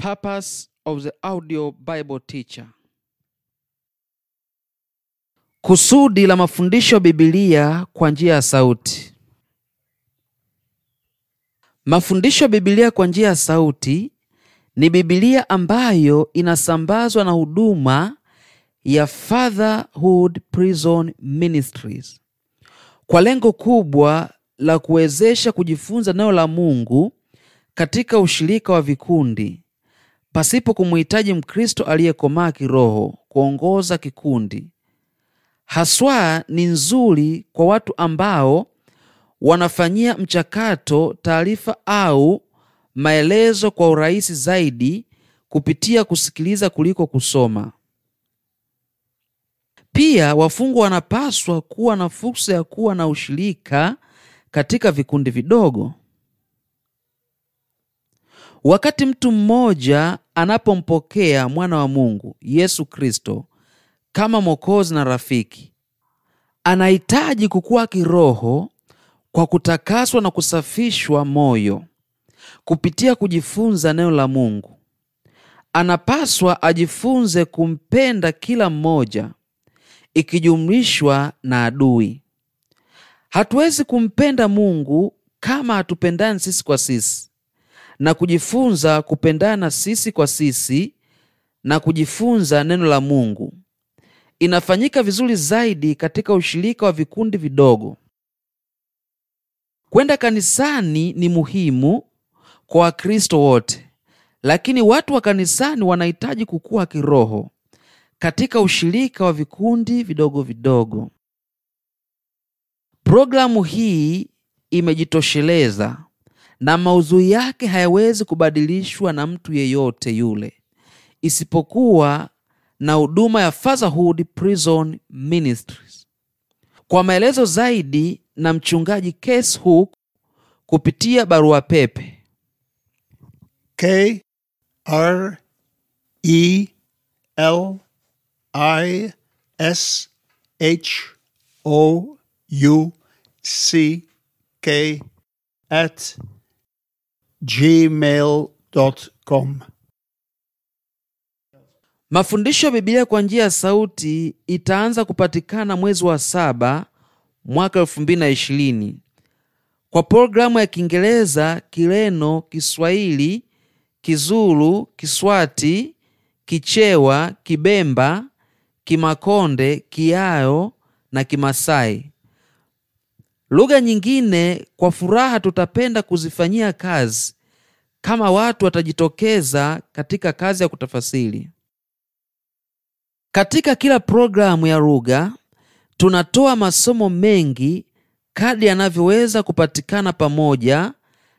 Purpose of the audio Bible teacher. Kusudi la mafundisho Biblia kwa njia ya sauti. Mafundisho Biblia kwa njia ya sauti ni Biblia ambayo inasambazwa na huduma ya Fatherhood Prison Ministries kwa lengo kubwa la kuwezesha kujifunza neno la Mungu katika ushirika wa vikundi pasipo kumuhitaji Mkristo aliyekomaa kiroho kuongoza kikundi. Haswa ni nzuri kwa watu ambao wanafanyia mchakato taarifa au maelezo kwa urahisi zaidi kupitia kusikiliza kuliko kusoma. Pia wafungwa wanapaswa kuwa na fursa ya kuwa na ushirika katika vikundi vidogo. Wakati mtu mmoja anapompokea mwana wa Mungu Yesu Kristo kama mokozi na rafiki, anahitaji kukua kiroho kwa kutakaswa na kusafishwa moyo kupitia kujifunza neno la Mungu. Anapaswa ajifunze kumpenda kila mmoja ikijumlishwa na adui. Hatuwezi kumpenda Mungu kama hatupendani sisi kwa sisi na kujifunza kupendana sisi kwa sisi na kujifunza neno la Mungu. Inafanyika vizuri zaidi katika ushirika wa vikundi vidogo. Kwenda kanisani ni muhimu kwa Wakristo wote, lakini watu wa kanisani wanahitaji kukua kiroho katika ushirika wa vikundi vidogo vidogo. Programu hii imejitosheleza na mauzui yake hayawezi kubadilishwa na mtu yeyote yule isipokuwa na huduma ya Fatherhood Prison Ministries. Kwa maelezo zaidi na mchungaji Case Hook kupitia barua pepe K R E L I S H O U C K at gmail.com. Mafundisho ya Biblia kwa njia ya sauti itaanza kupatikana mwezi wa saba mwaka elfu mbili na ishirini kwa programu ya Kiingereza, Kireno, Kiswahili, Kizulu, Kiswati, Kichewa, Kibemba, Kimakonde, Kiayo na Kimasai. Lugha nyingine kwa furaha tutapenda kuzifanyia kazi kama watu watajitokeza katika kazi ya kutafasiri. Katika kila programu ya lugha tunatoa masomo mengi kadi yanavyoweza kupatikana pamoja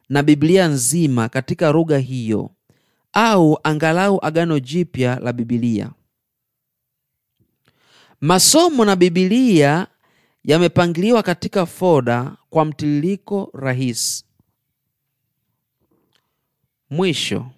na Biblia nzima katika lugha hiyo au angalau Agano Jipya la Biblia. Masomo na Biblia yamepangiliwa katika foda kwa mtiririko rahisi. Mwisho.